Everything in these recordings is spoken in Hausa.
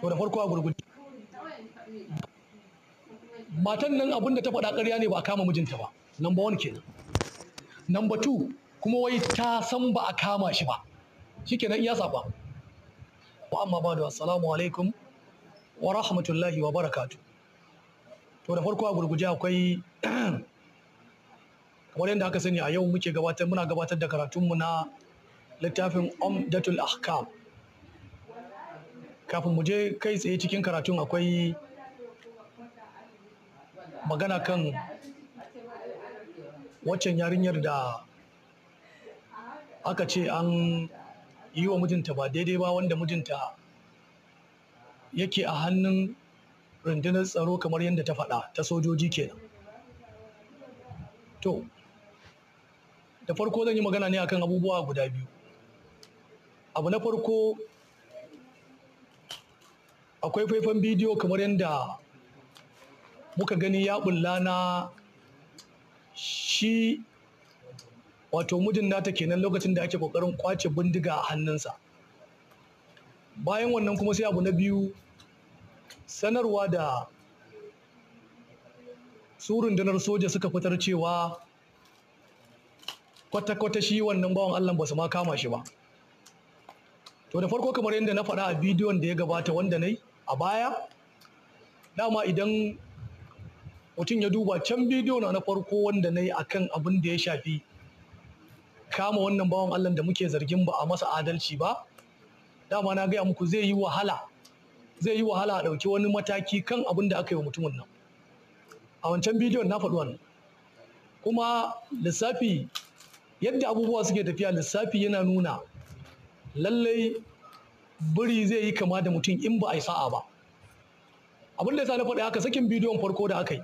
to da farko a gurguje matan nan abin da ta faɗa ƙarya ne ba a kama mijinta ba number one kenan number two kuma wai ta san ba a kama shi ba shikenan iya saba wa amma ba da assalamu alaikum wa rahmatullahi wa barakatu to da farko a gurguje akwai kamar yadda aka sani a yau muke gabatar muna gabatar da karatunmu na littafin umdatul ahkam kafin mu je kai tsaye cikin karatun akwai magana kan waccan yarinyar da aka ce an yi wa mijinta ba daidai ba wanda mijinta yake a hannun rundunar tsaro kamar yadda ta faɗa ta sojoji kenan to da farko zan yi magana ne akan abubuwa guda biyu abu na farko akwai faifan bidiyo kamar yadda muka gani ya bulla na shi wato mijin nata kenan lokacin da ake kokarin kwace bindiga a hannunsa bayan wannan kuma sai abu na biyu sanarwa da su rundunar soja suka fitar cewa kwata-kwata shi wannan bawan allah ba su ma kama shi ba to da farko kamar yadda na faɗa a bidiyon da ya gabata wanda na yi a baya dama idan mutum ya duba can bidiyo na na farko wanda na yi a kan abin da ya shafi kama wannan bawan allah da muke zargin ba a masa adalci ba dama na gaya muku zai yi wahala zai yi wahala a ɗauki wani mataki kan abin da aka yi wa mutumin nan a wancan bidiyon na faɗi wannan kuma lissafi yadda abubuwa suke tafiya lissafi yana nuna lallai biri zai yi kama da mutum in ba a yi sa'a ba abin da ya sa na faɗi aka sakin bidiyon farko da aka yi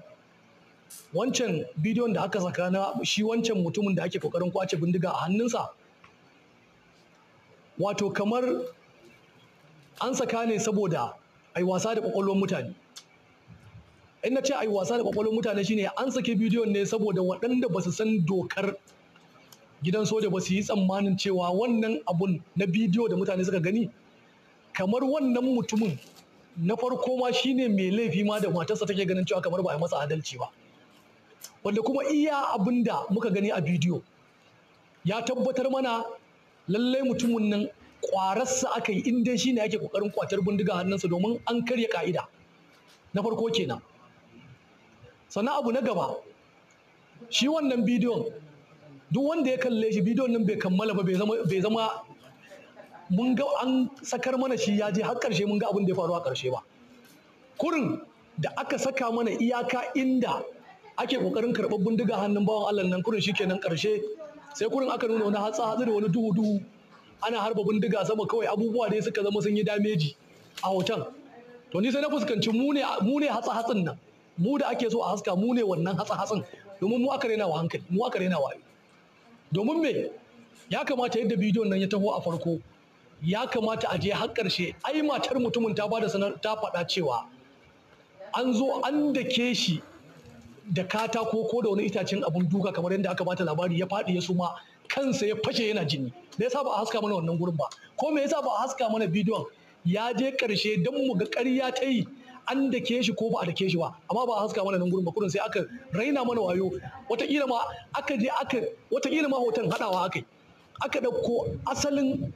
wancan bidiyon da aka saka na shi wancan mutumin da ake kokarin kwace bindiga a hannunsa wato kamar an saka ne saboda a yi wasa da kwakwalwar mutane in na ce a yi wasa da kwakwalwar mutane shine an sake bidiyon ne saboda waɗanda ba su san dokar gidan soja ba su yi tsammanin cewa wannan abun na bidiyo da mutane suka gani kamar wannan mutumin na farko ma shine mai laifi ma da matarsa take ganin cewa kamar ba a masa adalci ba wanda kuma iya abin da muka gani a bidiyo ya tabbatar mana lallai mutumin nan kwararsa aka yi inda shi ne ake kokarin kwatar bindiga hannunsa domin an karya ka'ida na farko kenan sannan abu na gaba shi wannan bidiyon duk wanda ya kalle shi bidiyon nan bai kammala ba bai zama mun ga an sakar mana shi ya je har ƙarshe mun ga abin da ya faru a ƙarshe ba kurin da aka saka mana iyaka inda ake ƙoƙarin karɓar bindiga hannun bawan Allah nan kurin shikenan ƙarshe sai kurin aka nuna wani hatsa hatsi da wani duhu duhu ana harba bindiga sama kawai abubuwa da suka zama sun yi dameji a hoton to ni sai na fuskanci mu ne mu ne hatsa hatsin nan mu da ake so a haska mu ne wannan hatsa hatsin domin mu aka rena wa hankali mu aka rena wa domin me ya kamata yadda bidiyon nan ya taho a farko ya kamata a je har ƙarshe ai matar mutumin ta bada sanar ta faɗa cewa an zo an dake shi da katako ko da wani itacen abun duka kamar yadda aka bata labari ya faɗi ya suma kansa ya fashe yana jini me yasa ba a haska mana wannan gurin ba ko me yasa ba a haska mana bidiyon ya je ƙarshe don mu ga ƙarya ta yi an ke shi ko ba a ke shi ba amma ba a haska mana nan gurin ba kurin sai aka raina mana wayo wataƙila ma aka je aka wataƙila ma hoton haɗawa aka yi aka ɗauko asalin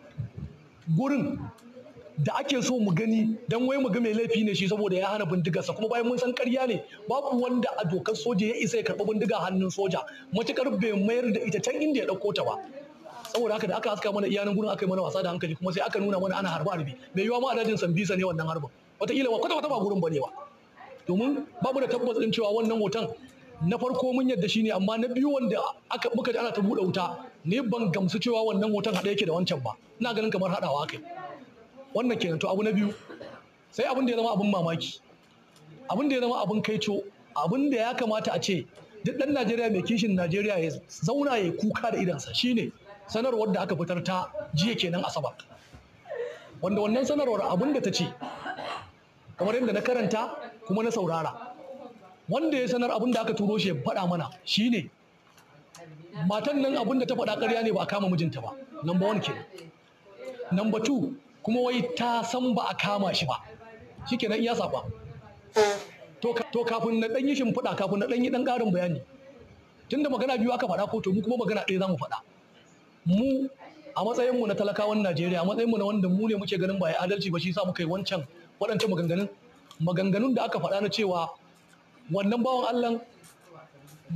gurin da ake so mu gani don wai mu ga mai laifi ne shi saboda ya hana bindigarsa kuma bayan mun san karya ne babu wanda a dokar soja ya isa ya karɓi bindiga hannun soja matukar bai mayar da ita can inda ya ɗauko ta ba saboda haka da aka haska mana iyanan gurin aka yi mana wasa da hankali kuma sai aka nuna mana ana harba harbi mai yiwa ma a dajin sambisa ne wannan harbin wataƙila ba kwata-kwata ba gurin ba ne ba domin babu da tabbas ɗin cewa wannan hoton na farko mun yadda shi ne amma na biyu wanda aka muka ji ana ta buɗe wuta ne ban gamsu cewa wannan hoton haɗe yake da wancan ba ina ganin kamar haɗawa kai wannan kenan to abu na biyu sai abin da ya zama abin mamaki abin da ya zama abin kaico abin da ya kamata a ce duk ɗan Najeriya mai kishin Najeriya ya zauna ya kuka da idansa shine sanarwar da aka fitar ta jiya kenan asabar wanda wannan sanarwar abin da ta ce kamar yadda na karanta kuma na saurara wanda ya sanar abin da aka turo shi ya faɗa mana shine matan nan abin da ta faɗa ƙarya ne ba a kama mijinta ba number one ke. number two kuma wai ta san ba a kama shi ba shikenan iya safa to kafin na ɗanyi yi faɗa kafin na ɗanyi yi ɗan ƙarin bayani tunda magana biyu aka faɗa ko to mu kuma magana ɗaya za mu faɗa mu a matsayinmu na talakawan Najeriya a matsayinmu na wanda mu ne muke ganin ba ya adalci ba shi sa muka yi wancan waɗancan maganganun maganganun da aka faɗa na cewa wannan bawan Allah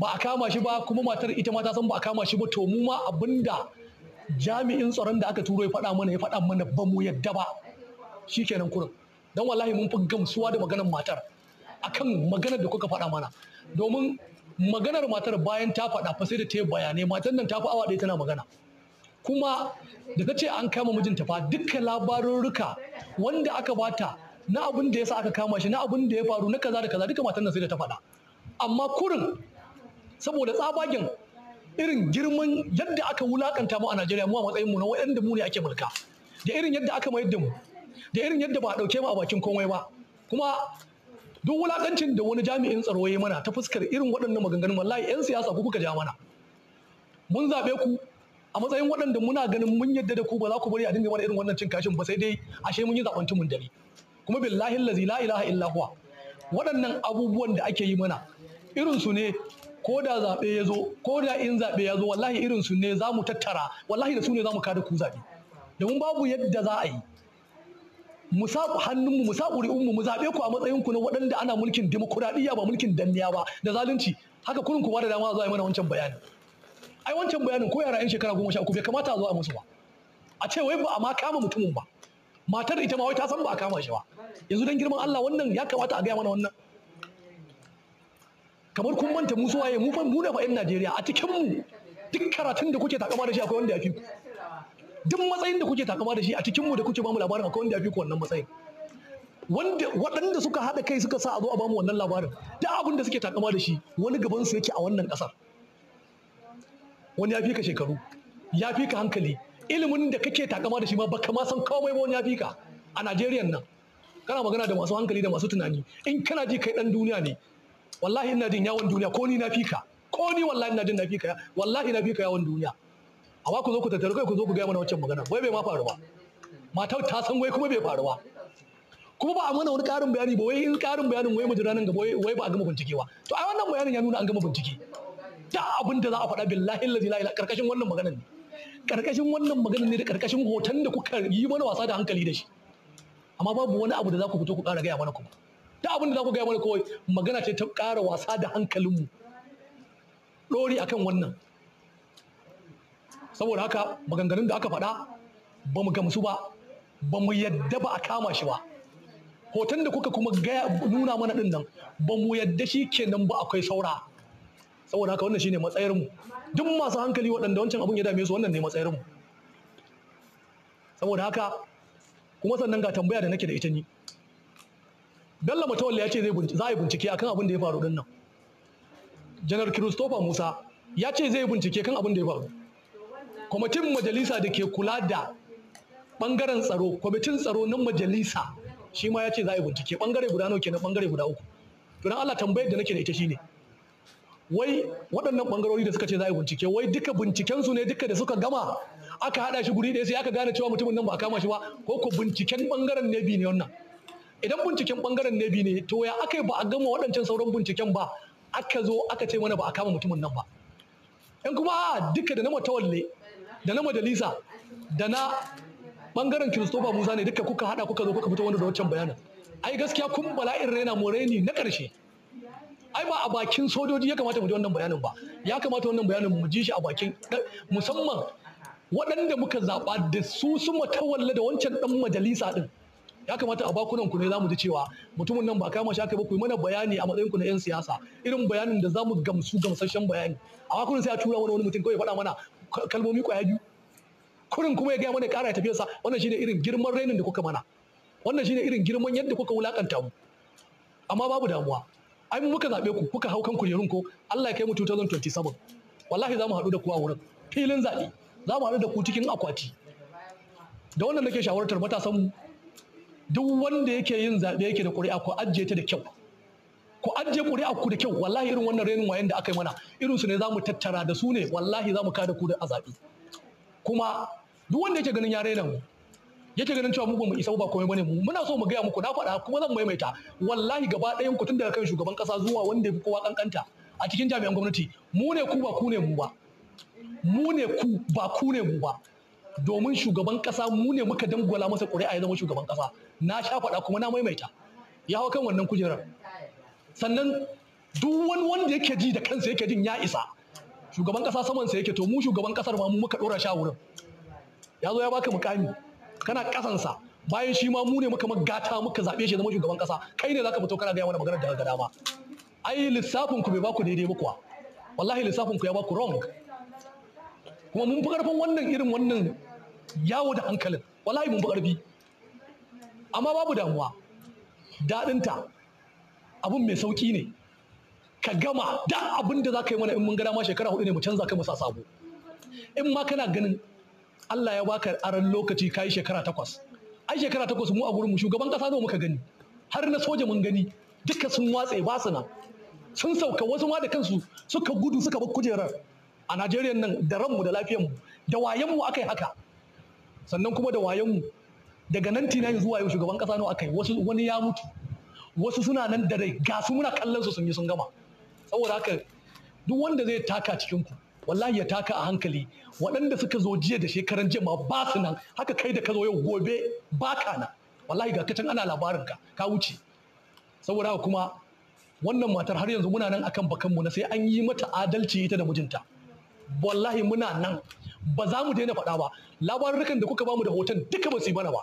ba a kama shi ba kuma matar ita ma ta san ba a kama shi ba to mu ma abinda jami'in tsaron da aka turo ya faɗa mana ya faɗa mana ba mu yadda ba shikenan kurin dan wallahi mun fi gamsuwa da maganar matar akan maganar da kuka faɗa mana domin maganar matar bayan ta faɗa fa sai da ta yi bayanai matar nan ta fi awa ɗaya tana magana kuma da ta ce an kama mijinta fa dukkan labarurruka wanda aka bata na abin da ya sa aka kama shi na abin da ya faru na kaza da kaza duka matan nan sai da ta faɗa amma kurin saboda tsabagen irin girman yadda aka wulakanta mu a Najeriya mu a matsayin mu na waɗanda mu ne ake mulka da irin yadda aka mayar da mu da irin yadda ba a ɗauke mu a bakin komai ba kuma duk wulakancin da wani jami'in tsaro ya mana ta fuskar irin waɗannan maganganun wallahi 'yan siyasa ku kuka ja mana mun zaɓe ku a matsayin waɗanda muna ganin mun yadda da ku ba za ku bari a dinga mana irin wannan cin kashin ba sai dai ashe mun yi zaɓen mun dare kuma billahi allazi la ilaha illa huwa waɗannan abubuwan da ake yi mana irin su ne ko da zaɓe ya zo ko da in zaɓe ya zo wallahi irin su ne za mu tattara wallahi da su ne za mu kada ku zaɓe domin babu yadda za a yi mu sa hannunmu mu sa ƙuri'unmu mu zaɓe ku a matsayin ku na waɗanda ana mulkin demokuraɗiyya ba mulkin danniya ba da zalunci haka kurin ku ba da dama za a yi mana wancan bayanin ai wancan bayanin ko yara 'yan shekara goma sha uku bai kamata a zo a musu ba a ce wai ba a ma kama mutumin ba matar ita ma wai ta san ba a kama shi ba yanzu dan girman Allah wannan ya kamata a gaya mana wannan kamar kun manta mu suwaye mu fa mu ne fa in Najeriya a cikin mu duk karatun da kuke takama da shi akwai wanda ya fi ku duk matsayin da kuke takama da shi a cikin mu da kuke bamu labarin akwai wanda ya fi ku wannan matsayin wanda waɗanda suka haɗa kai suka sa a zo a bamu wannan labarin duk abin da suke takama da shi wani gaban su yake a wannan ƙasar wani ya fi ka shekaru ya fi ka hankali ilimin da kake takama da shi ma baka ma san komai ba wani ya fi ka a Najeriya nan kana magana da masu hankali da masu tunani in kana ji kai dan duniya ne wallahi ina jin yawon duniya ko ni na fi ka ko ni wallahi ina jin na fi ka wallahi na fi ka yawon duniya amma ku zo ku tattara kai ku zo ku gaya mana wancan magana wai bai ma faru ba matar ta san wai kuma bai faru ba kuma ba a mana wani ƙarin bayani ba wai in karin bayanin wai jira nan gaba wai ba a gama bincike ba to ai wannan bayanin ya nuna an gama bincike da abin da za a faɗa billahi la ilaha karkashin wannan maganar ne karkashin wannan magana ne da karkashin hoton da kuka yi mana wasa da hankali da shi amma babu wani abu da za ku fito ku ƙara gaya mana kuma ta abin da za ku gaya mana kawai magana ce ta ƙara wasa da hankalinmu ɗori akan wannan saboda haka maganganun da aka faɗa ba mu gamsu ba ba mu yadda ba a kama shi ba hoton da kuka kuma gaya nuna mana ɗin nan ba mu yadda shi kenan ba akwai saura saboda haka wannan shine matsayarmu duk masu hankali waɗanda wancan abun ya dame su wannan ne matsayarmu saboda haka kuma sannan ga tambaya da nake da ita ni Bello Mutawalla ya ce za a yi bincike akan abin da ya faru din nan Janar Christopher Musa ya ce zai bincike kan abin da ya faru kwamitin majalisa da ke kula da bangaren tsaro kwamitin tsaro na majalisa shi ma ya ce za a yi bincike bangare guda nawa kenan bangare guda uku to dan Allah tambayar da nake da ita shine wai waɗannan ɓangarori da suka ce za a yi bincike wai duka bincikensu ne duka da suka gama aka haɗa shi guri ɗaya sai aka gane cewa mutumin nan ba a kama shi ba ko ko binciken ɓangaren ne bi ne wannan idan binciken ɓangaren ne bi ne to ya aka ba a gama waɗancan sauran binciken ba aka zo aka ce mana ba a kama mutumin nan ba in kuma a duka da na matawalle da na majalisa da na ɓangaren kiristofa musa ne duka kuka haɗa kuka zo kuka fito wanda da wancan bayanin ai gaskiya kun bala'in raina moreni na ƙarshe ai ba a bakin sojoji ya kamata mu ji wannan bayanin ba ya kamata wannan bayanin mu ji shi a bakin musamman waɗanda muka zaɓa da su su matawalle da wancan ɗan majalisa ɗin ya kamata a bakunan ku ne mu ji cewa mutumin nan ba kama shaka ba ku yi mana bayani a matsayin ku na yan siyasa irin bayanin da za mu gamsu gamsashen bayani a bakunan sai a tura wani wani mutum kawai faɗa mana kalmomi kwaya biyu kurin kuma ya gaya mana ƙara ya sa wannan shine irin girman rainin da kuka mana wannan shine irin girman yadda kuka wulakanta mu amma babu damuwa ai muka zaɓe ku kuka hau kan kujerun ko Allah ya kai mu 2027 wallahi za mu haɗu da ku a wurin filin zaɓe za mu haɗu da ku cikin akwati da wannan nake shawartar matasan duk wanda yake yin zaɓe yake da ƙuri'a ku ajiye ta da kyau ku ajiye ƙuri'a ku da kyau wallahi irin wannan renin wayan da aka yi mana irin su ne za mu tattara da su ne wallahi za mu kada ku da a zaɓe kuma duk wanda yake ganin ya rena mu yake ganin cewa mu mu isa ba komai bane mu muna so mu gaya muku na faɗa kuma zan maimaita wallahi gaba ɗayan ku tun daga kan shugaban ƙasa zuwa wanda ya fi kowa kankanta a cikin jami'an gwamnati mu ne ku ba ku ne mu ba mu ne ku ba ku ne mu ba domin shugaban ƙasa mu ne muka dangwala masa ƙuri'a ya zama shugaban ƙasa na sha faɗa kuma na maimaita ya hau kan wannan kujerar sannan duk wani wanda yake ji da kansa yake jin ya isa shugaban ƙasa samansa yake to mu shugaban ƙasar ma mu muka ɗora sha wurin ya zo ya baka mukami kana kasansa bayan shi ma mu ne muka gata muka zaɓe shi zama shugaban ƙasa kai ne zaka fito kana gaya mana maganar da ga dama ai lissafin ku bai baku daidai ba kuwa wallahi lissafin ku ya baku wrong kuma mun fi ƙarfin wannan irin wannan yawo da hankalin wallahi mun fi ƙarfi. amma babu damuwa daɗinta abin mai sauƙi ne ka gama da abin da za ka yi mana in mun gana ma shekara hudu ne mu canza kai mu sa sabo in ma kana ganin Allah ya baka aran lokaci kai shekara takwas ai shekara takwas mu a gurin mu shugaban kasa nawa muka gani har na soja mun gani duka sun watse ba su sun sauka wasu ma da kansu suka gudu suka bar kujerar a Najeriya nan da ranmu da lafiyarmu da wayanmu akai haka sannan kuma da wayanmu daga nan tina zuwa yau shugaban kasa nawa akai wasu wani ya mutu wasu suna nan da rai ga su muna kallon su sun yi sun gama saboda haka duk wanda zai taka cikin ku wallahi ya taka a hankali waɗanda suka zo jiya da shekaran jiya ma ba su nan haka kai da ka zo yau gobe ba ka nan wallahi ga kacin ana labarin ka ka wuce saboda kuma wannan matar har yanzu muna nan akan bakanmu na sai an yi mata adalci ita da mijinta wallahi muna nan ba za mu daina faɗa ba labarukan da kuka bamu da hoton duka ba su yi mana ba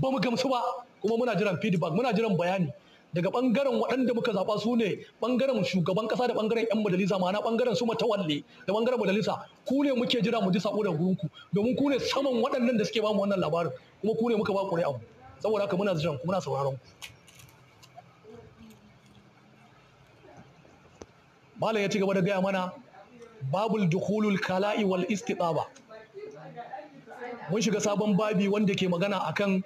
ba mu gamsu ba kuma muna jiran feedback muna jiran bayani daga bangaren waɗanda muka zaɓa su ne bangaren shugaban ƙasa da bangaren 'yan majalisa ma'ana bangaren su matawalle da bangaren majalisa ku ne muke jira mu ji sabo da gurinku domin ku ne saman waɗannan da suke bamu wannan labarin kuma ku ne muka ba ƙuri'a mu saboda haka muna jiran muna sauraron ku malam ya ci gaba da gaya mana babul dukhulul kala'i wal istitaba mun shiga sabon babi wanda ke magana akan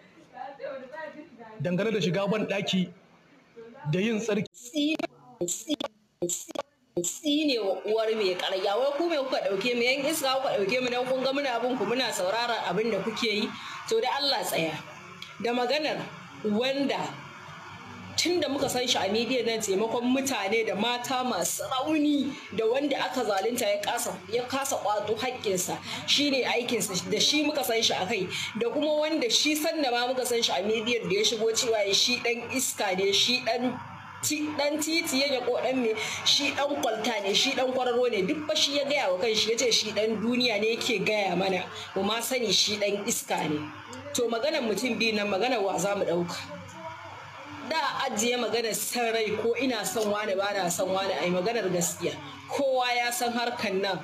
dangane da shiga ban ɗaki da yin tsarki si ne uwar mai karya wai ku me kuka dauke mu yan iska kuka dauke mu dan kun ga muna abin ku muna sauraron abin da kuke yi to da Allah tsaya da maganar wanda tun da muka san shi a media na taimakon mutane da mata masu rauni da wanda aka zalunta ya kasa ya kasa kwato hakkinsa shine aikinsa da shi muka san shi a da kuma wanda shi sanda ma muka san shi a media da ya shigo cewa shi dan iska ne shi dan dan titi ya ko dan ne shi dan kwalta ne shi dan kwararo ne duk ba shi ya gaya wa kanshi yace shi dan duniya ne yake gaya mana mu ma sani shi dan iska ne to maganar mutum biyu nan maganar wa za mu dauka da ajiye maganar san rai ko ina son wani ba na son wani yi maganar gaskiya kowa ya san harkan nan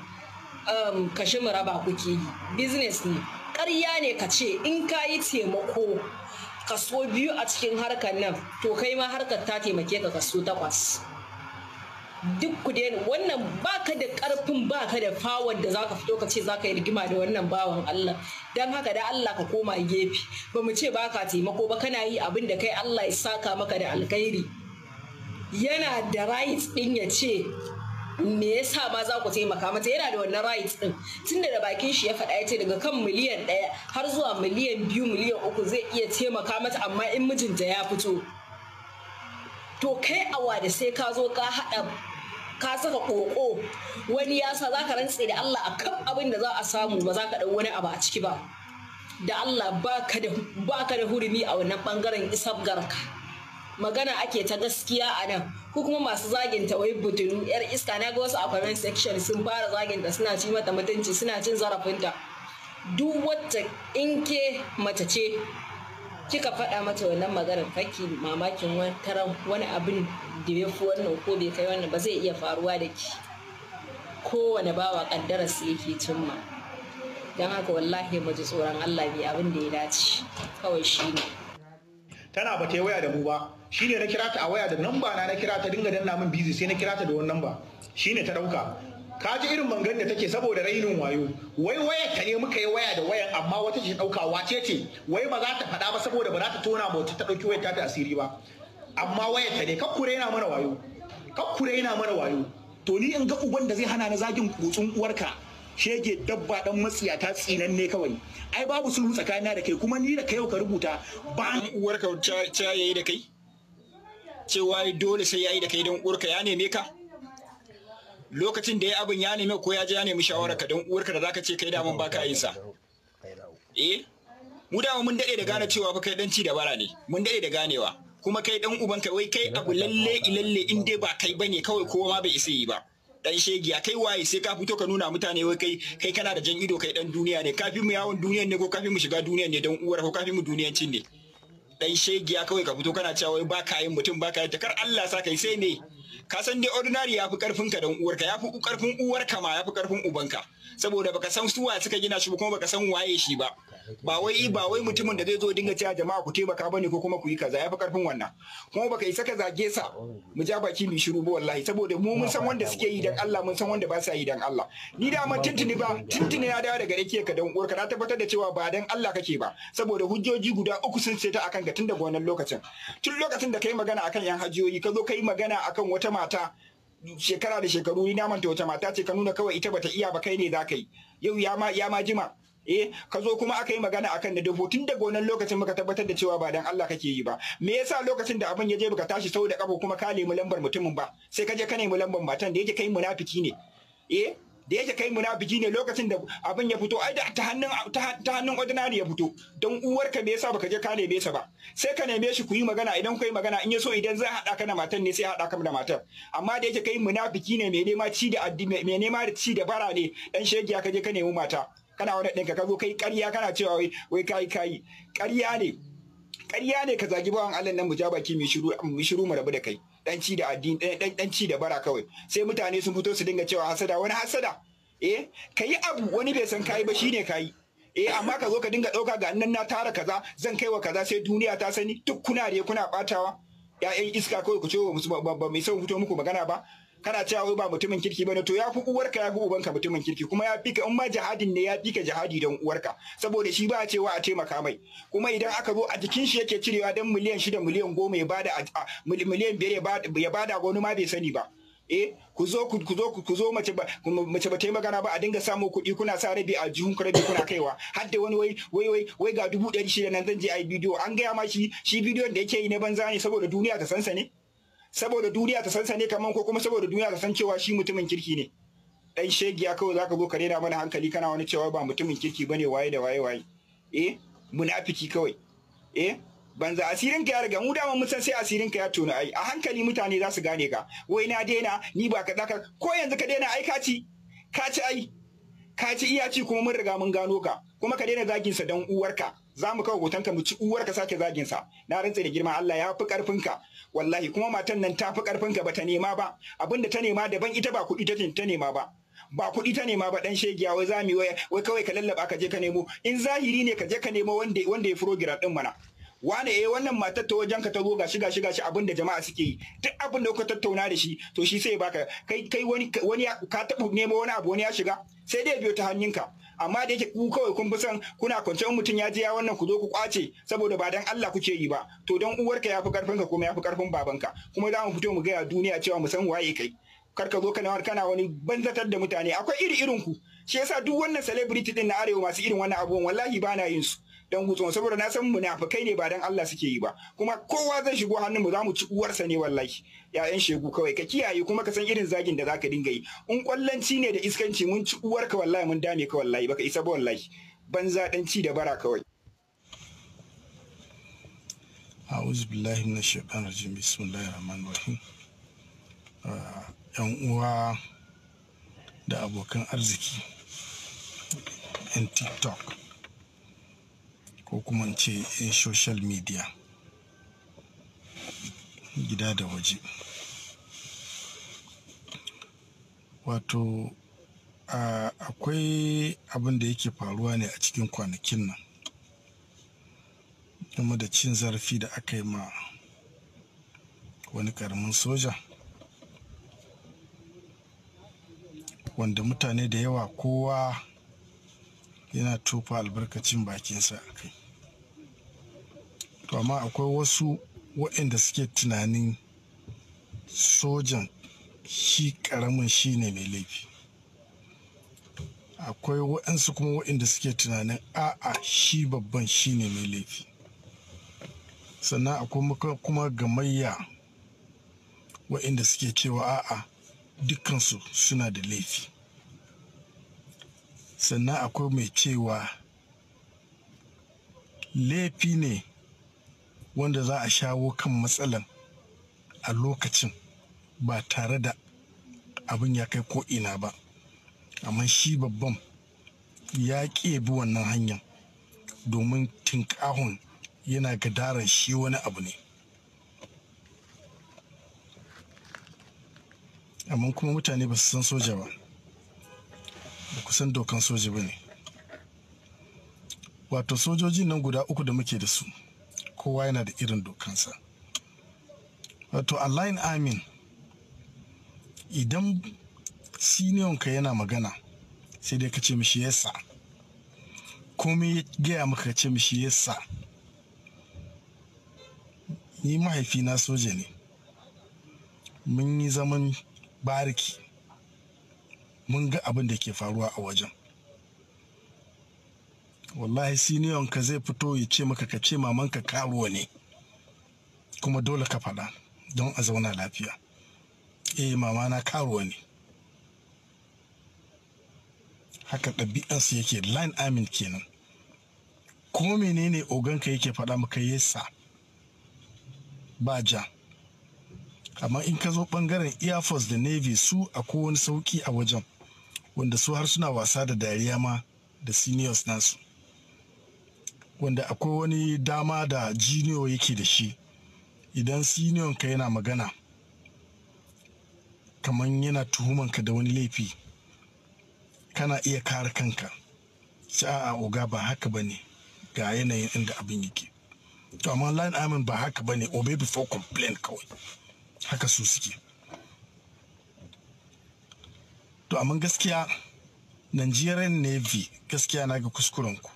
um, kashi raba kuke yi business ne ƙarya ne ka ce in ka yi taimako kaso biyu a cikin harkar nan to kai ma harkar ta taimake ka kaso takwas duk ku daina wannan baka da karfin baka da fawar da zaka fito ka ce zaka yi rigima da wannan bawan Allah don haka da Allah ka koma gefe ba mu ce ba ka taimako ba kana yi abin da kai Allah ya saka maka da alkhairi yana da rights din ya ce me yasa ma za ku taimaka mata yana da wannan rights din tunda da bakin shi ya faɗa ya ce daga kan miliyan ɗaya har zuwa miliyan biyu miliyan uku zai iya taimaka mata amma in mijinta ya fito to kai awa da sai ka zo ka haɗa ka saka ƙoƙo wani ya sa za ka rantse da Allah a kan abin da za a samu ba za ka ɗau wani abu a ciki ba da Allah ba ka da hurumi a wannan ɓangaren isabgarka magana ake ta gaskiya a nan ko kuma masu zaginta ta wai butulu yar iska na ga wasu a comment section sun fara zagin ta suna ci mata mutunci suna cin zarafinta duk wacce in ke mace ce kika faɗa mata wannan maganar kake mamakin wataran wani abin da ya fi wannan ko bai kai wannan ba zai iya faruwa da ki kowane bawa su yake cimma don haka wallahi mu ji tsoron Allah bai abin da ya dace kawai shi ne tana ba ta waya da mu ba shi ne na kira ta a waya da namba na na kira ta dinga danna min bizi sai na kira ta da wani namba shi ne ta ɗauka ka ji irin mangan da take saboda rainin wayo wai waya ta ne muka yi waya da wayan amma wata ce dauka wace ce wai ba za ta faɗa ba saboda ba za ta tona mota ta ɗauki waya ta asiri ba amma wayar ta ne kakkure yana mana wayo kakkure yana mana wayo to ni in ga uban da zai hana na zagin kutsun uwarka shege dabba dan matsiya ta tsinan ne kawai ai babu sulhu tsakanina da kai kuma ni da kai ka rubuta ba uwarka ta yayi da kai cewa dole sai yayi da kai don uwarka ya neme ka lokacin da ya abin ya nemi ko ya je ya nemi shawara ka don uwarka da zaka ce kai da mun baka yin sa eh mu dama mun dade da gane cewa fa kai dan ci da bara ne mun daɗe da ganewa kuma kai dan ubanka wai kai abu lalle lalle in dai ba kai bane kawai kowa ma bai isa yi ba dan shegiya kai waye sai ka fito ka nuna mutane wai kai kai kana da jan ido kai dan duniya ne kafi mu yawon duniyan ne ko kafin mu shiga duniyan ne dan uwar ko kafi mu duniyancin ne dan shegiya kawai ka fito kana cewa wai ka yin mutum ba ka yin takar Allah sa kai sai ne ka san dai ordinary yafi karfin ka dan uwarka yafi karfin uwarka ma yafi karfin ubanka saboda baka san suwa suka gina shi ba kuma baka san waye shi ba ba wai ba wai mutumin da zai zo dinga cewa jama'a ku taimaka bane ko kuma ku yi kaza yafi karfin wannan kuma baka yi ka zage sa mu ja baki mu shiru ba wallahi saboda mu mun san wanda suke yi dan Allah mun san wanda ba sa yi dan Allah ni da ma tintini ba tintini ya dawo daga rake ka dan uwar ka na tabbatar da cewa ba dan Allah kake ba saboda hujjoji guda uku sun ce ta akan ga tun daga wannan lokacin tun lokacin da kai magana akan yan hajiyoyi ka zo kai magana akan wata mata shekara da shekaru ni na manta wata mata ce ka nuna kawai ita bata iya ba kai ne za yi yau ya ma ya ma jima eh ka zo kuma aka yi magana akan na dabo tun daga wannan lokacin muka tabbatar da cewa ba dan Allah kake yi ba me yasa lokacin da abin ya je baka tashi sau da kafa kuma ka nemi lambar mutumin ba sai ka je ka nemi lambar matan da yake kai munafiki ne eh da yake kai munafiki ne lokacin da abin ya fito ai da ta hannun ta hannun ordinary ya fito don uwarka me yasa baka je ka neme sa ba sai ka neme shi ku yi magana idan ku yi magana in ya so idan zai hada ka da matan ne sai hada ka da matan amma da yake kai munafiki ne ne nema ci da addini me nema ma ci da bara ne dan shegiya ka je ka nemi mata kana wani ɗinka ka zo kai ƙarya kana cewa wai kai kai ƙarya ne ƙarya ne ka zagi bawan Allah nan baki mu shiru shiru mu rabu da kai dan ci da addini dan ci da bara kawai sai mutane sun fito su dinga cewa hasada wani hasada eh kayi abu wani bai san kai ba shine kai eh amma ka zo ka dinga ɗauka ga nan na tara kaza zan kaiwa kaza sai duniya ta sani duk kuna da kuna ɓatawa ya'yan iska kawai ku ce ba mai son fito muku magana ba kana cewa wai ba mutumin kirki bane to ya fi uwarka ya fi ubanka mutumin kirki kuma ya fika in ma jihadin ne ya fika jihadi don uwarka saboda shi ba a cewa a taimaka mai kuma idan aka zo a jikin shi yake cirewa dan miliyan shida miliyan goma ya bada miliyan biyar ya bada wani ma bai sani ba eh ku zo ku zo ku zo mace ba mace ba magana ba a dinga samu kuɗi kuna sa rabi a jihun ku rabi kuna kaiwa har da wani wai wai wai wai ga dubu ɗari shida nan zan je a yi bidiyo an gaya ma shi shi bidiyon da yake yi na banza ne saboda duniya ta sansa ne saboda duniya ta san sane kaman ko kuma saboda duniya ta san cewa shi mutumin kirki ne dan shegiya kawai zaka zo ka rena mana hankali kana wani cewa ba mutumin kirki bane waye da waye waye eh munafiki kawai eh banza asirin ka ya riga mu dama mun san sai asirin ka ya tona ai a hankali mutane za su gane ka wai na daina ni ba ka zaka ko yanzu ka daina ai ka ci ka ai ka ci iya kuma mun riga mun gano ka kuma ka daina zagin sa dan uwarka za mu kawo hotonka mu ci uwar ka sake zagin sa na rantse da girma Allah ya fi karfin ka wallahi kuma matan nan ta fi karfin ka ta nema ba abinda ta nema daban ita ba kuɗi ta nema ba ba kuɗi ta nema ba dan shegiya wai zami wai wai kawai ka lallaba ka je ka nemo in zahiri ne ka je ka nemo wanda wanda ya furo gira din mana wane eh wannan matar ta wajen ka ta zo gashi gashi gashi abin da jama'a suke yi duk abin da kuka tattauna da shi to shi sai baka kai kai wani wani ka taɓa nemo wani abu wani ya shiga sai dai biyo ta hannunka amma da yake ku kawai kun san kuna kwance in mutum ya je ya wannan ku zo ku kwace saboda ba dan Allah kuke yi ba to dan uwarka yafi karfin ka kuma yafi karfin babanka kuma za mu fito mu ga duniya cewa mu san waye kai kar ka zo kana kana wani banzatar da mutane akwai iri irin ku shi yasa duk wannan celebrity din na arewa masu irin wannan abubuwan wallahi ba na yin su dan gutsu saboda na san munafikai ne ba dan Allah suke yi ba kuma kowa zai shigo hannun mu za mu ci uwarsa ne wallahi ya'yan shegu kawai ka kiyaye kuma ka san irin zagin da zaka dinga yi in kwallanci ne da iskanci mun ci uwarka wallahi mun dame ka wallahi baka isa ba wallahi banza dan ci da bara kawai أعوذ بالله من الشيطان الرجيم بسم الله الرحمن الرحيم 'yan uwa da abokan arziki in tiktok ko kuma in ce in social media gida da waje wato akwai abin da yake faruwa ne a cikin kwanakin nan kuma da cin zarafi da aka yi ma wani karamin soja wanda mutane da yawa kowa yana tufa albarkacin bakinsa a kai to amma akwai wasu waɗanda suke tunanin sojan shi ƙaramin shi ne mai laifi akwai waɗansu kuma waɗanda suke tunanin a'a shi babban shi ne mai laifi sannan akwai kuma gamayya waɗanda suke cewa a'a dukkansu suna da laifi sannan akwai mai cewa laifi ne wanda za a shawo kan matsalan a lokacin ba tare da abin ya kai ko'ina ba amma shi babban ya ƙi bi wannan hanyar domin tinkahun yana gadaran shi wani abu ne amma kuma mutane ba su san soja ba ba ku san dokan soja ba ne wato sojoji nan guda uku da muke da su kowa yana da irin dokansa wato a amin idan siniyonka yana magana sai dai ka ce mishi yasa komai ya gaya maka ka ce mishi yasa ni mahaifina soja ne mun yi zaman bariki mun ga abin da ke faruwa a wajen wallahi siniyon ka zai fito ya ce maka ka ce mamanka karuwa ne kuma dole ka faɗa don a zauna lafiya eh mama na karuwa ne haka ɗabi'ansu yake line amin kenan ko menene oganka yake faɗa maka yasa ba ja amma in ka zo bangaren air force da navy su a wani sauki a wajen wanda su har suna wasa da dariya ma da seniors nasu wanda akwai wani dama da junior yake da shi idan senior ka yana magana kamar yana tuhuman ka da wani laifi kana iya kare kanka shi a'a oga ba haka ba ne ga yanayin inda abin yake to amma line amin ba haka ba ne obey before complain kawai haka su suke to amma gaskiya nigerian navy gaskiya na ga kuskurenku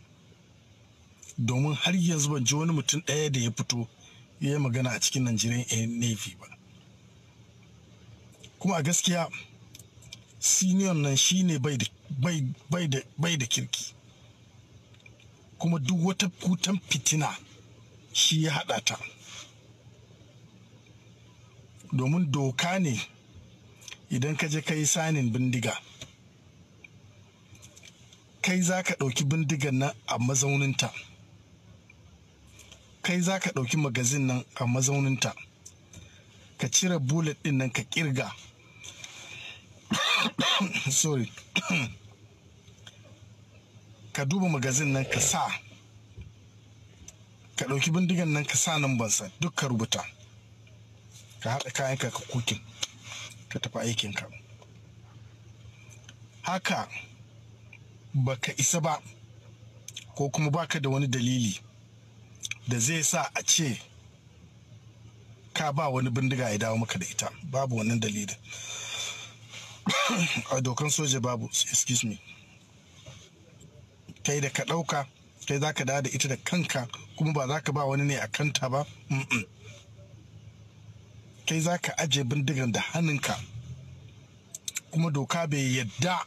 domin har yanzu ban ji wani mutum ɗaya da ya fito ya yi magana a cikin nigerian navy ba kuma a gaskiya senior nan shine bai da kirki kuma duk wata kutan fitina shi ya haɗa ta domin doka ne idan ka je ka yi sanin bindiga kai za ka ɗauki bindigan nan a mazauninta kai za ka ɗauki magazin nan a mazauninta ka cire bullet ɗin nan ka ƙirga sorry ka duba magazin nan ka sa ka ɗauki bindigan nan ka sa nan bansa duk ka rubuta ka haɗa kayanka ka kukin ka tafi aikinka haka baka isa ba ko kuma baka da wani dalili da zai sa a ce ka ba wani bindiga ya dawo maka da ita babu wannan dalilin a dokan soja babu excuse me kai da ka ɗauka kai za ka dawo da ita da kanka kuma ba za ka ba wani ne a kanta ba mm kai za ka ajiye bindigan da hannunka kuma doka bai yadda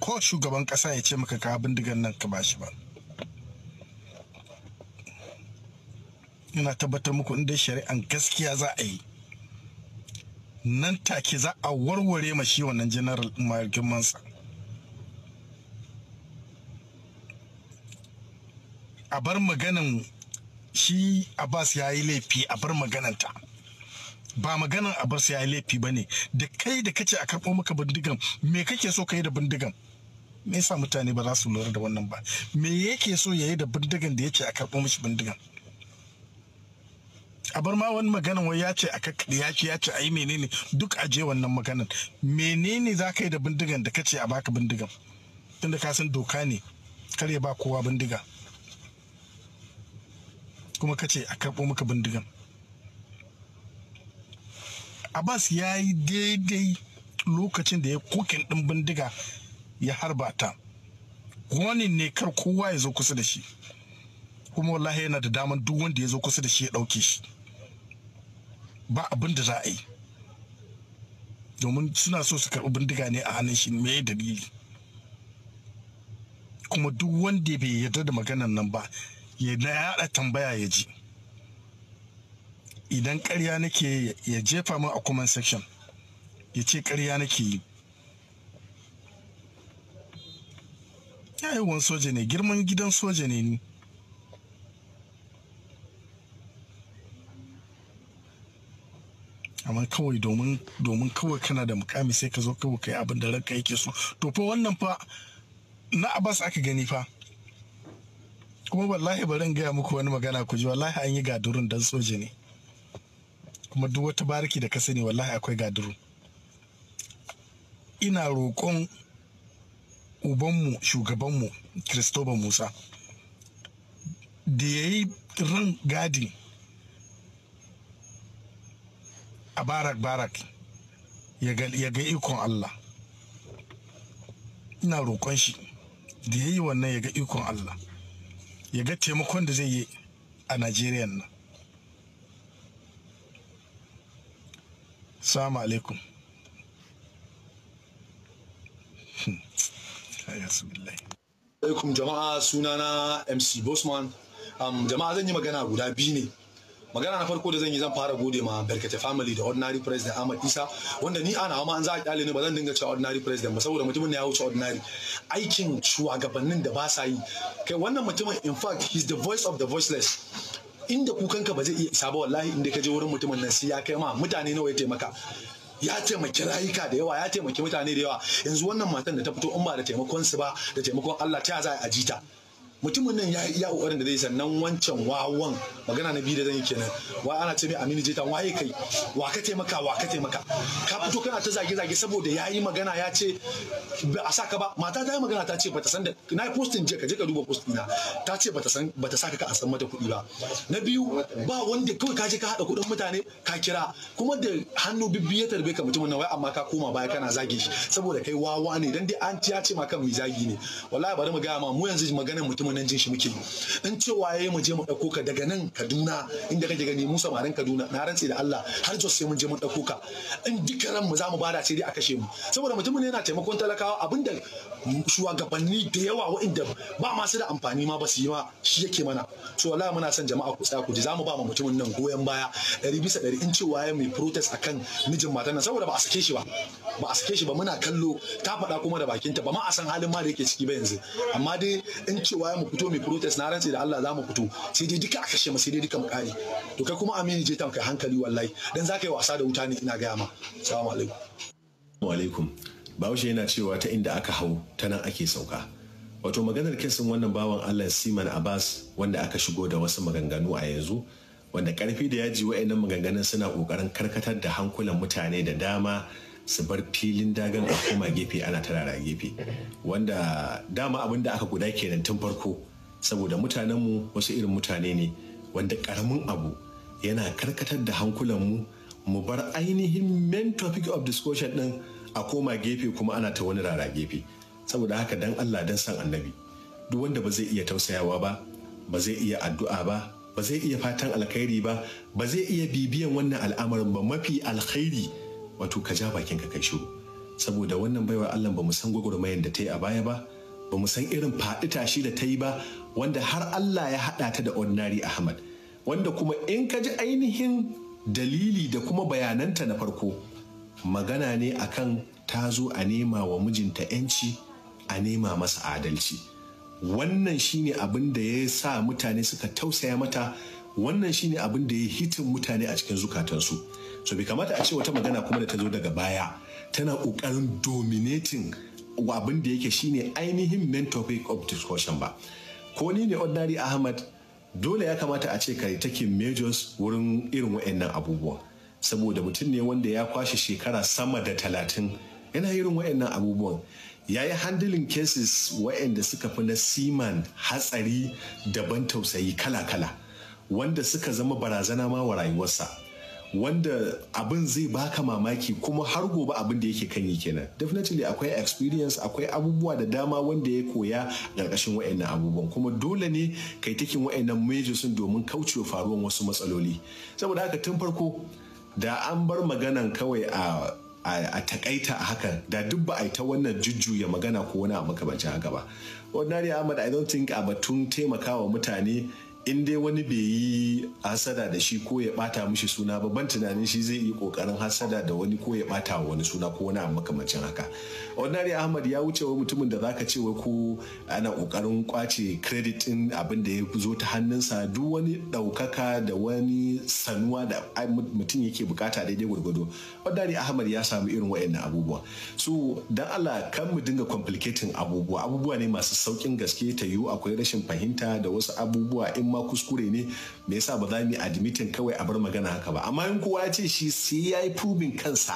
ko shugaban ƙasa ya ce maka ka bindigan nan ka bashi ba ina tabbatar muku inda shari'an gaskiya za a yi nan take za a warware ma shi wannan general girmansa a bar maganin shi abbas ya yi laifi a bar ta. ba maganan a bar ya laifi ba ne da kai da kace a karɓo maka bindigan me kake so ka yi da bindigan me yasa mutane ba za su lura da wannan ba me yake so ya yi da bindigan da yake a karɓo mishi bindigan a bar ma wani maganan wai ya ce a kakkaɗe ya ce ya ce a yi menene duk a je wannan maganan menene za ka yi da bindigan da kace a baka bindigan tunda ka san doka ne kar ya ba kowa bindiga kuma kace a karɓo maka bindigan abbas ya yi daidai lokacin da ya kokin ɗin bindiga ya harba ta wani ne kar kowa ya zo kusa da shi kuma wallahi yana da daman duk wanda ya zo kusa da shi ya ɗauke shi ba abin da za a yi domin suna so su karɓi bindiga ne a hannun shi mai dalili kuma duk wanda bai yarda da maganan nan ba ya na yaɗa tambaya ya ji idan karya nake ya jefa min a comment section ya ce karya nake yi Ya wani soja ne girman gidan soja ne ni amma kawai domin kawai kana da mukami sai ka zo kawai kai abin da ranka yake so to fa wannan fa na abbas aka gani fa kuma wallahi bari in gaya muku wani magana ku ji wallahi an yi gadurin dan soja ne kuma duk wata bariki da ka sani wallahi akwai gadiru ina roƙon ubanmu shugabanmu kristoba musa da ya yi ran gadi a barak-barak ya ga ikon allah ina roƙon shi da ya yi wannan ya ga ikon allah ya ga taimakon da zai yi a najeriya nan Assalamu alaikum. Hmm. alaikum jama'a sunana MC Bosman. Um, jama'a zan yi magana guda biyu ne. magana na farko da zan yi zan fara gode ma Berkete family da ordinary president Ahmad Isa wanda ni ana ma an za a kyale ni ba zan dinga cewa ordinary president ba saboda mutumin ya wuce ordinary aikin shugabannin da ba sa yi kai wannan mutumin in fact he's the voice of the voiceless inda kukanka ba zai iya isa ba wallahi inda ka je wurin mutumin nan sai ya kai ma mutane nawa ya taimaka ya taimaki rayuka da yawa ya taimaki mutane da yawa yanzu wannan matan da ta fito in ba da taimakon su ba da taimakon Allah ta za a ta. mutumin nan ya iya kokarin da zai sannan wancan wawan magana na biyu da zan yi kenan wa ana ce mai aminu jeta waye kai wa ka taimaka wa ka taimaka ka fito kana ta zage zage saboda ya yi magana ya ce ba a saka ba mata ta yi magana ta ce bata san da na yi postin je ka je ka duba postin na ta ce bata san bata saka ka a san mata kuɗi ba na biyu ba wanda kawai ka je ka haɗa kuɗin mutane ka kira kuma da hannu bibbiye tarbe ka mutumin nan wai amma ka koma baya kana zage shi saboda kai wawa ne dan dai an ci ya ce ma kan zagi ne wallahi bari mu ga ma mu yanzu magana mutum mu nan jin shi muke in cewa yayi mu je mu dauko ka daga nan Kaduna inda kake gani mu samarin Kaduna na rantse da Allah har Jos sai mu je mu dauko ka in duka ran mu za mu bada ce dai a kashe mu saboda mutumin yana taimakon talakawa abinda shugabanni da yawa waɗanda ba masu da amfani ma ba su yi ma shi yake mana to wallahi muna son jama'a ku tsaya ku ji zamu ba mu mutumin nan goyon baya ɗari bisa ɗari in cewa ya mai protest akan mijin matan nan saboda ba a sake shi ba ba a sake shi ba muna kallo ta faɗa kuma da bakinta ba ma a san halin ma da yake ciki ba yanzu amma dai in cewa waye. mu fito mai protest na rantsi da Allah za mu fito sai dai duka a kashe mu sai dai duka mu kare to kai kuma Aminu je tan kai hankali wallahi dan za ka wasa da wuta ne ina gaya ma assalamu alaikum wa alaikum Bahaushe yana cewa ta inda aka hau ta nan ake sauka wato maganar kesin wannan bawan Allah Siman Abbas wanda aka shigo da wasu maganganu a yanzu wanda karfi da yaji wa'annan maganganun suna kokarin karkatar da hankulan mutane da dama su bar filin dagan a koma gefe ana ta rara gefe wanda dama abin da aka guda kenan tun farko saboda mutanenmu wasu irin mutane ne wanda karamin abu yana karkatar da hankulanmu mu bar ainihin main topic of discussion din a koma gefe kuma ana ta wani rara gefe saboda haka dan Allah dan san annabi duk wanda ba zai iya tausayawa ba ba zai iya addu'a ba ba zai iya fatan alkhairi ba ba zai iya bibiyan wannan al'amarin ba mafi alkhairi wato ka ja bakin ka kai shiru saboda wannan baiwa Allah ba mu san gwagwarmayar da ta yi a baya ba ba mu san irin faɗi tashi da ta yi ba wanda har Allah ya haɗa ta da ordinary Ahmad wanda kuma in ka ji ainihin dalili da kuma bayananta na farko magana ne akan ta zo a nema wa mijinta 'yanci a nema masa adalci wannan shine abin da ya sa mutane suka tausaya mata wannan shine abin da ya hitin mutane a cikin zukatansu so bai kamata a ce wata magana kuma da ta zo daga baya tana ƙoƙarin dominating abin da yake shine ainihin main topic of discussion ba ko ni ne ordinary ahmad dole ya kamata a ce kai take majors wurin irin wa'annan abubuwan saboda mutum ne wanda ya kwashe shekara sama da talatin yana irin wa'annan abubuwan ya yi handling cases wa'anda suka fi na siman hatsari daban tausayi kala-kala wanda suka zama barazana ma wa rayuwarsa wanda abin zai baka mamaki kuma har gobe abin da yake kan yi kenan definitely akwai experience akwai abubuwa da dama wanda ya koya ƙarƙashin wa'annan abubuwan kuma dole ne kai takin wa'annan sun domin kaucewa faruwan wasu matsaloli saboda haka tun farko da an bar maganan kawai a a takaita a hakan da duk ba a yi ta wannan jujjuya magana ko wani abu makamancin haka ba ordinary ahmad i don't think a batun taimakawa mutane in dai wani bai yi hasada da shi ko ya bata mishi suna ba ban tunanin shi zai yi kokarin hasada da wani ko ya bata wani suna ko wani makamancin haka ordinary ahmad ya wuce wa mutumin da zaka ce wai ko ana kokarin kwace credit din abin da ya zo ta hannunsa duk wani daukaka da wani sanuwa da mutum yake bukata daidai gwargwado ordinary ahmad ya samu irin wayannan abubuwa so dan Allah kan mu dinga complicating abubuwa abubuwa ne masu saukin gaske ta yiwu akwai rashin fahimta da wasu abubuwa in ma kuskure ne me yasa ba za mu yi admitin kawai a bar magana haka ba amma in kowa ya ce shi sai ya yi fubin kansa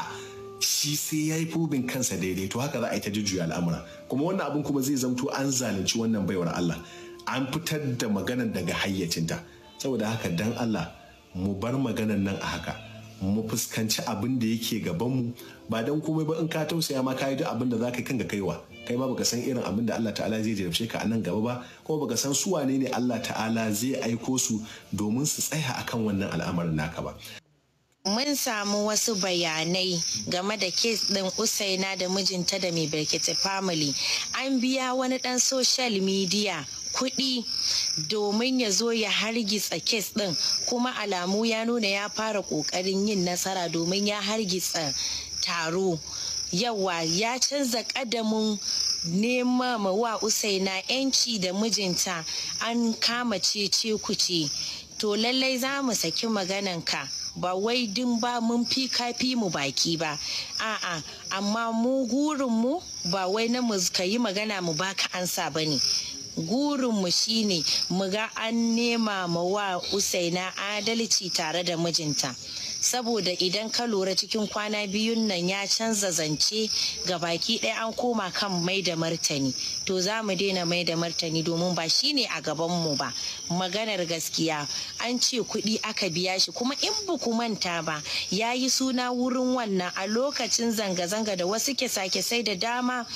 shi sai ya yi kansa daidai to haka za a yi ta jujjuya al'amura kuma wannan abin kuma zai zamto an zalunci wannan baiwar Allah an fitar da maganar daga hayyacinta saboda haka dan Allah mu bar maganar nan a haka mu fuskanci abin da yake gabanmu ba don komai ba in ka tausaya ma ka yi duk abin da za ka kanka kaiwa kai ba baka san irin abin da Allah ta'ala zai jarabce ka a nan gaba ba kuma baka san su wane ne Allah ta'ala zai aiko su domin su tsaya akan wannan al'amarin naka ba mun samu wasu bayanai game da kes ɗin usaina da mijinta da mai birkiti family an biya wani ɗan social media kuɗi domin ya zo ya hargitsa kes ɗin kuma alamu ya nuna ya fara ƙoƙarin yin nasara domin ya hargitsa taro yawa ya canza ƙadamin nema ma wa na 'yanci da mijinta an kama ce ku kuce to lallai za mu saki maganan ka ba wai din ba mun fi kafi mu baki ba a'a amma mu gurin mu ba wai na mu ka yi magana mu baka ansa ba ne gurinmu shine mu ga an nema ma wa usaina adalci tare da mijinta saboda idan ka lura cikin kwana biyun nan ya canza zance ga baki ɗaya an koma kan mai da martani to za mu daina mai da martani domin ba shi ne a gabanmu ba maganar gaskiya an ce kuɗi aka biya shi kuma in ba ku manta ba ya yi suna wurin wannan a lokacin zanga-zanga da wasu kyasa-kyasai da dama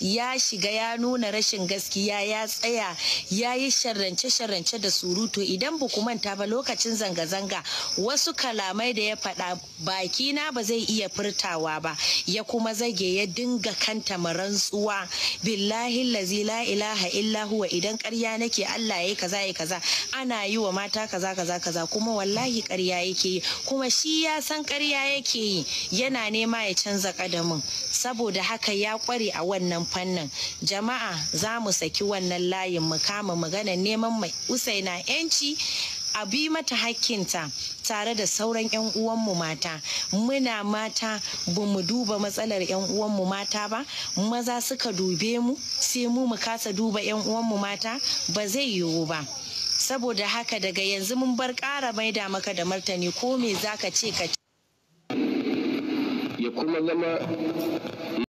ya shiga ya nuna rashin gaskiya ya tsaya ya yi sharrance-sharrance da surutu idan ba ku manta ba lokacin zanga-zanga wasu kalamai da ya ya faɗa bakina ba zai iya furtawa ba ya kuma zage ya dinga kanta rantsuwa billahi lazi la ilaha illa huwa idan ƙarya nake Allah ya kaza ya kaza ana yi wa mata kaza kaza kaza kuma wallahi ƙarya yake yi kuma shi ya san ƙarya yake yi yana nema ya canza ƙadamin saboda haka ya ƙware a wannan fannin jama'a za mu saki wannan layin mu kama maganar neman mai usaina yanci a bi mata hakkinta tare da sauran 'yan uwanmu mata muna mata ba mu duba matsalar 'yan uwanmu mata ba maza suka dube mu sai mu mu kasa duba 'yan uwanmu mata ba zai yiwu ba saboda haka daga yanzu mun bar ƙara maida maka da martani ko me zaka ce ka ya kuma zama